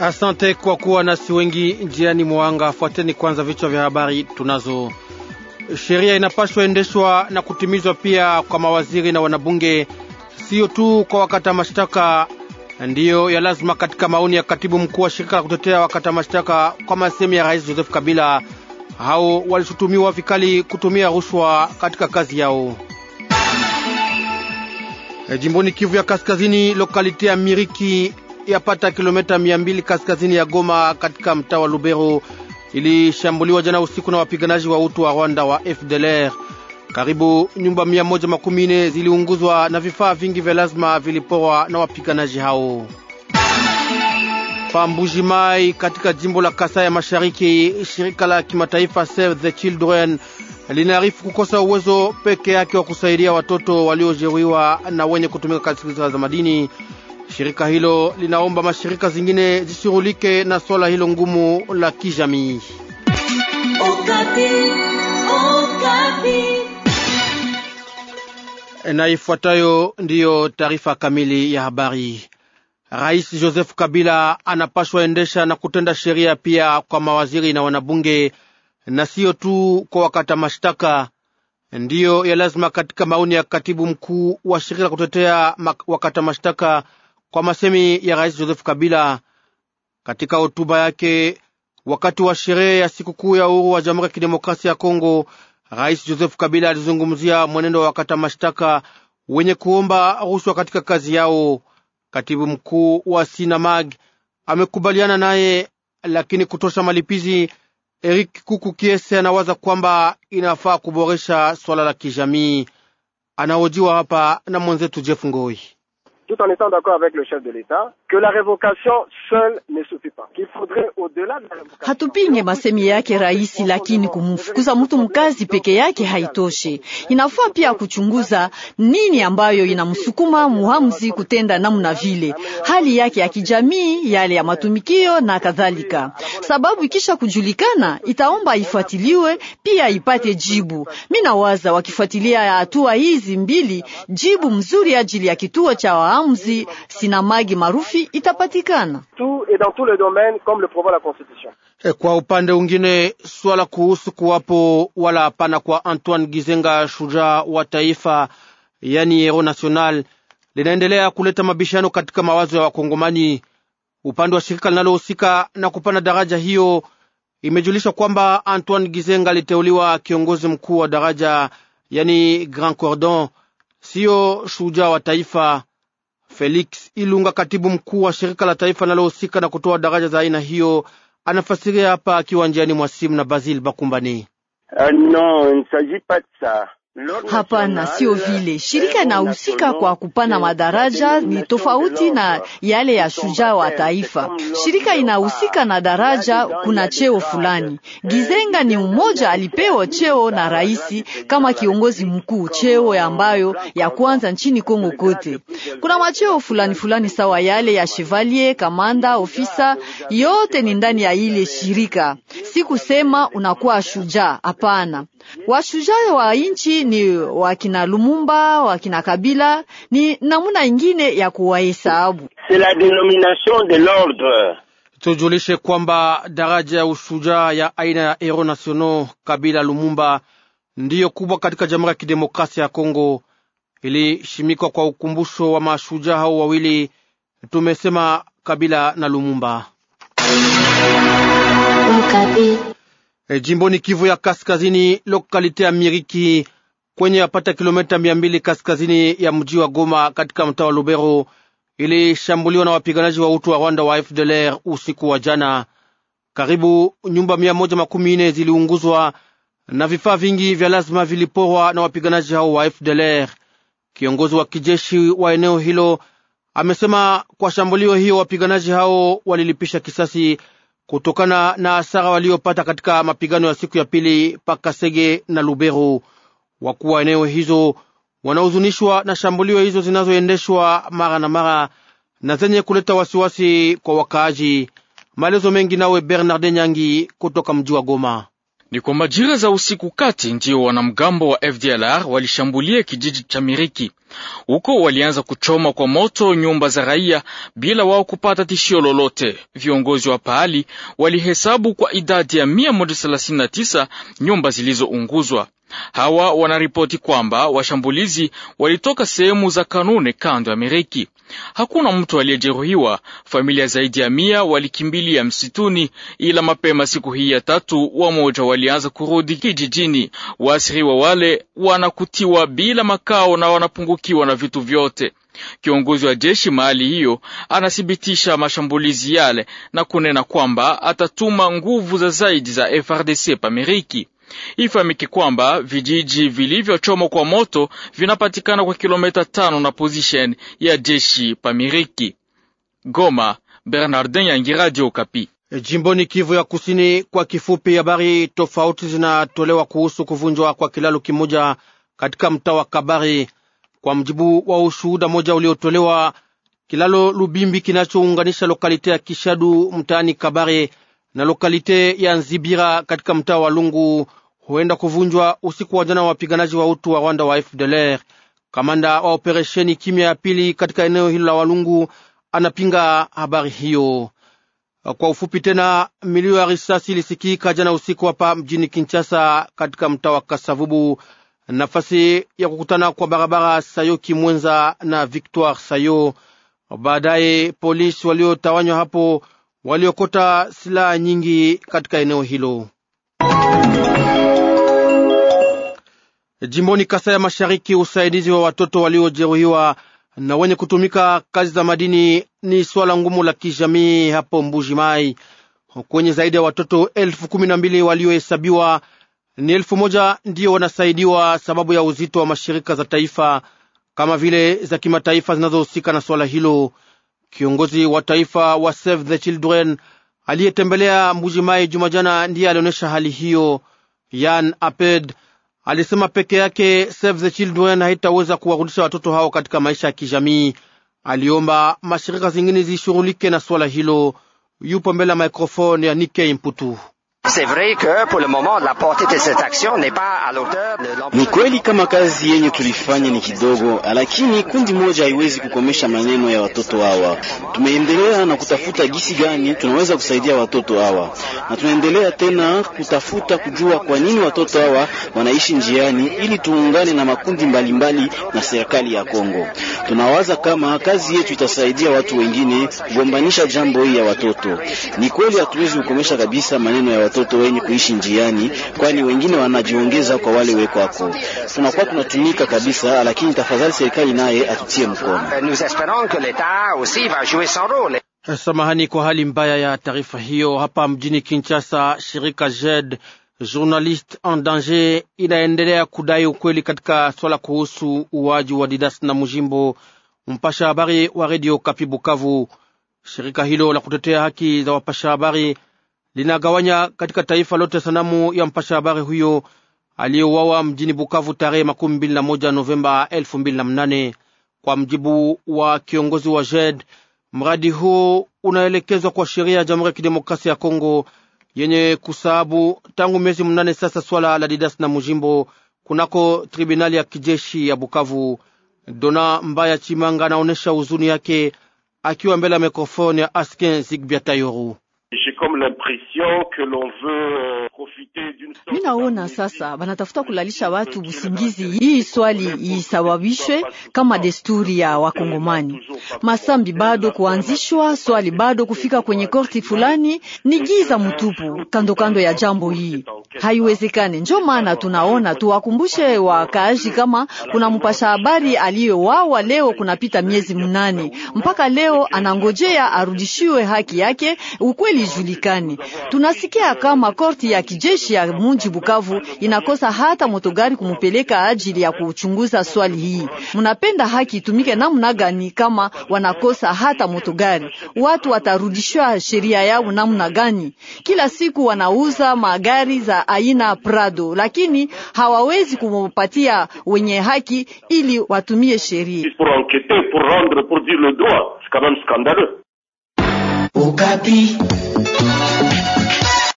Asante kwa kuwa nasi wengi njiani mwanga. Fuateni kwanza vichwa vya habari tunazo. Sheria inapaswa endeshwa na kutimizwa pia kwa mawaziri na wanabunge, siyo tu kwa wakata mashtaka. Ndiyo ya lazima katika maoni ya katibu mkuu wa shirika la kutetea wakata mashtaka kwa masemi ya Rais Joseph Kabila. Hao walishutumiwa vikali kutumia rushwa katika kazi yao. E, jimboni Kivu ya Kaskazini, lokalite ya Miriki yapata kilomita mia mbili kaskazini ya Goma katika mtaa wa Lubero ilishambuliwa jana usiku na wapiganaji wa utu wa Rwanda wa FDLR. Karibu nyumba mia moja makumi nne ziliunguzwa na vifaa vingi vya lazima viliporwa na wapiganaji hao. Pambuji Mai katika jimbo la Kasai ya Mashariki, shirika la kimataifa Save the Children linaarifu kukosa uwezo peke yake wa kusaidia watoto waliojeruhiwa na wenye kutumika katika za madini. Shirika hilo linaomba mashirika zingine zishughulike na swala hilo ngumu la kijamii. Na ifuatayo ndiyo taarifa kamili ya habari. Rais Joseph Kabila anapashwa endesha na kutenda sheria pia kwa mawaziri na wanabunge na siyo tu kwa wakata mashtaka. Ndiyo ya lazima katika maoni ya katibu mkuu wa shirika la kutetea wakata mashtaka kwa masemi ya Rais Joseph Kabila katika hotuba yake wakati wa sherehe ya sikukuu ya uhuru wa Jamhuri ya Kidemokrasia ya Kongo. Rais Joseph Kabila alizungumzia mwenendo wa wakata mashtaka wenye kuomba rushwa katika kazi yao. Katibu mkuu wa Sinamag amekubaliana naye, lakini kutosha malipizi. Eric Kuku Kiese anawaza kwamba inafaa kuboresha swala la kijamii. Anahojiwa hapa na mwenzetu Jeff Ngoi tout en étant d'accord avec le chef de l'État, que la révocation seule ne suffit pas, qu'il faudrait au-delà de la révocation. Hatupinge masemi yake rahisi lakini kumfukuza mtu mkazi peke yake haitoshi. Inafaa pia kuchunguza nini ambayo inamsukuma muhamzi kutenda namna vile, hali yake ya kijamii, yale ya matumikio na kadhalika. Sababu ikisha kujulikana, itaomba ifuatiliwe pia ipate jibu. Mimi nawaza wakifuatilia hatua hizi mbili, jibu mzuri ajili ya kituo cha maamuzi Sinamagi marufi itapatikana tu et dans tous les domaines comme le prévoit la constitution. Eh, kwa upande mwingine, swala kuhusu kuwapo wala hapana kwa Antoine Gizenga, shujaa wa taifa, yani hero national, linaendelea kuleta mabishano katika mawazo ya Wakongomani. Upande wa shirika linalohusika na kupana daraja hiyo imejulishwa kwamba Antoine Gizenga aliteuliwa kiongozi mkuu wa daraja yani Grand Cordon, siyo shujaa wa taifa. Felix Ilunga, katibu mkuu wa shirika la taifa linalohusika na kutoa daraja za aina hiyo, anafasiria hapa akiwa njiani mwa simu na Basil Bakumbani. Uh, no, Hapana, sio vile. Shirika inahusika kwa kupana madaraja ni tofauti na yale ya shujaa wa taifa. Shirika inahusika na daraja, kuna cheo fulani. Gizenga ni mmoja alipewa cheo na rais kama kiongozi mkuu, cheo ambayo ya kwanza nchini Kongo kote. Kuna macheo fulani fulani sawa yale ya chevalier, kamanda, ofisa, yote ni ndani ya ile shirika. Si kusema unakuwa shujaa, hapana. Washujaa wa nchi ni wakina Lumumba, wakina Kabila, ni namuna ingine ya kuwahesabu. Tujulishe kwamba daraja ya ushujaa ya aina ya Hero National Kabila Lumumba ndiyo kubwa katika Jamhuri ya Kidemokrasia ya Kongo, ilishimikwa kwa ukumbusho wa mashujaa hao wawili, tumesema Kabila na Lumumba Mkabi. E, jimboni Kivu ya Kaskazini, lokalite ya Miriki kwenye yapata kilomita mia mbili kaskazini ya mji wa Goma katika mtaa wa Lubero ilishambuliwa na wapiganaji wa utu wa Rwanda wa FDLR usiku wa jana. Karibu nyumba mia moja makumi nne ziliunguzwa na vifaa vingi vya lazima viliporwa na wapiganaji hao wa FDLR. Kiongozi wa kijeshi wa eneo hilo amesema kwa shambulio hiyo wapiganaji hao walilipisha kisasi kutokana na hasara waliopata katika mapigano ya siku ya pili Pakasege na Lubero. Wakuu wa eneo hizo wanahuzunishwa na shambulio hizo zinazoendeshwa mara na mara na zenye kuleta wasiwasi kwa wakaaji. Maelezo mengi nawe Bernard Nyangi kutoka mji wa Goma. Ni kwa majira za usiku kati ndiyo wanamgambo wa FDLR walishambulia kijiji cha Miriki. Huko walianza kuchoma kwa moto nyumba za raia bila wao kupata tishio lolote. Viongozi wa pahali walihesabu kwa idadi ya 139 nyumba zilizounguzwa. Hawa wanaripoti kwamba washambulizi walitoka sehemu za Kanune kando ya Mereki. Hakuna mtu aliyejeruhiwa. Familia zaidi ya mia walikimbilia msituni, ila mapema siku hii ya tatu wamoja walianza kurudi kijijini. Waasiriwa wale wanakutiwa bila makao na wanapungukiwa na vitu vyote. Kiongozi wa jeshi mahali hiyo anathibitisha mashambulizi yale na kunena kwamba atatuma nguvu za zaidi za FRDC pamiriki. Ifahamike kwamba vijiji vilivyochomwa kwa moto vinapatikana kwa kilomita tano na position ya jeshi Pamiriki. Goma, Bernardin Yangi, Radio Okapi. E, jimboni Kivu ya Kusini, kwa kifupi, habari tofauti zinatolewa kuhusu kuvunjwa kwa kilalo kimoja katika mtaa wa Kabari. Kwa mjibu wa ushuhuda moja uliotolewa, kilalo Lubimbi kinachounganisha lokalite ya Kishadu mtaani Kabare na lokalite ya Nzibira katika mtaa wa Lungu huenda kuvunjwa usiku wa jana wa wapiganaji wa utu wa Rwanda wa FDLR. Kamanda wa operesheni kimya ya pili katika eneo hilo la Walungu anapinga habari hiyo. Kwa ufupi tena, milio ya risasi ilisikika jana usiku hapa mjini Kinshasa, katika mtaa wa Kasavubu, nafasi ya kukutana kwa barabara Sayo Kimwenza na Victoire Sayo. Baadaye polisi waliotawanywa hapo waliokota silaha nyingi katika eneo hilo. Jimboni Kasa ya Mashariki, usaidizi wa watoto waliojeruhiwa na wenye kutumika kazi za madini ni swala ngumu la kijamii hapo Mbuji Mai, kwenye zaidi ya watoto elfu kumi na mbili waliohesabiwa ni elfu moja ndiyo wanasaidiwa sababu ya uzito wa mashirika za taifa kama vile za kimataifa zinazohusika na swala hilo. Kiongozi wa taifa wa Save the Children aliyetembelea Mbuji Mai juma jana ndiye alionyesha hali hiyo. Yan Aped alisema peke yake Save the Children haitaweza kuwarudisha watoto hao katika maisha ya kijamii. Aliomba mashirika zingine zishughulike na swala hilo. Yupo mbele ya mikrofoni ya Nike Mputu. C'est vrai que pour le moment la portée de cette action n'est pas à l'auteur de l'ampleur. Ni kweli kama kazi yenye tulifanya ni kidogo, lakini kundi moja haiwezi kukomesha maneno ya watoto hawa. Tumeendelea na kutafuta gisi gani tunaweza kusaidia watoto hawa, na tunaendelea tena kutafuta kujua kwa nini watoto hawa wanaishi njiani, ili tuungane na makundi mbalimbali mbali na serikali ya Kongo. Tunawaza kama kazi yetu itasaidia watu wengine kugombanisha jambo hili ya watoto. Ni kweli hatuwezi kukomesha kabisa maneno ya watoto watoto wenye kuishi njiani, kwani wengine wanajiongeza kwa wale hapo. Tunakuwa tunatumika kabisa, lakini tafadhali serikali naye atutie mkono. Samahani kwa hali mbaya ya taarifa hiyo. Hapa mjini Kinshasa, shirika JED Journalist en Danger inaendelea kudai ukweli katika swala kuhusu uwaji wa Didas na Mujimbo, mpasha habari wa redio Kapi Bukavu. Shirika hilo la kutetea haki za wapasha habari linagawanya katika taifa lote sanamu ya mpasha habari huyo aliyeuawa mjini Bukavu tarehe makumi mbili na moja Novemba elfu mbili na mnane. Kwa mjibu wa kiongozi wa JED, mradi huo unaelekezwa kwa sheria ya Jamhuri ya Kidemokrasia ya Kongo yenye kusahabu tangu miezi mnane sasa swala la Didas na Mujimbo kunako tribunali ya kijeshi ya Bukavu. Dona Mbaya Chimanga anaonyesha huzuni yake akiwa mbele ya mikrofoni ya Askin Zigbia Tayoru. Euh, Mi naona sasa banatafuta kulalisha watu usingizi, hii swali isababishwe kama desturi ya Wakongomani. Masambi bado kuanzishwa, swali bado kufika kwenye korti fulani, ni giza mtupu kando kando ya jambo hii, haiwezekani. Njo maana tunaona tuwakumbushe wakaaji kama kuna mpasha habari aliyowawa leo, kunapita miezi mnane mpaka leo anangojea arudishiwe haki yake, ukweli juli haijulikani. Tunasikia kama korti ya kijeshi ya mji Bukavu inakosa hata motogari kumupeleka ajili ya kuchunguza swali hii. Mnapenda haki itumike namna gani kama wanakosa hata moto gari Watu watarudishwa sheria yao namna gani? Kila siku wanauza magari za aina Prado, lakini hawawezi kumpatia wenye haki ili watumie sheria. Ukapi. Thank you.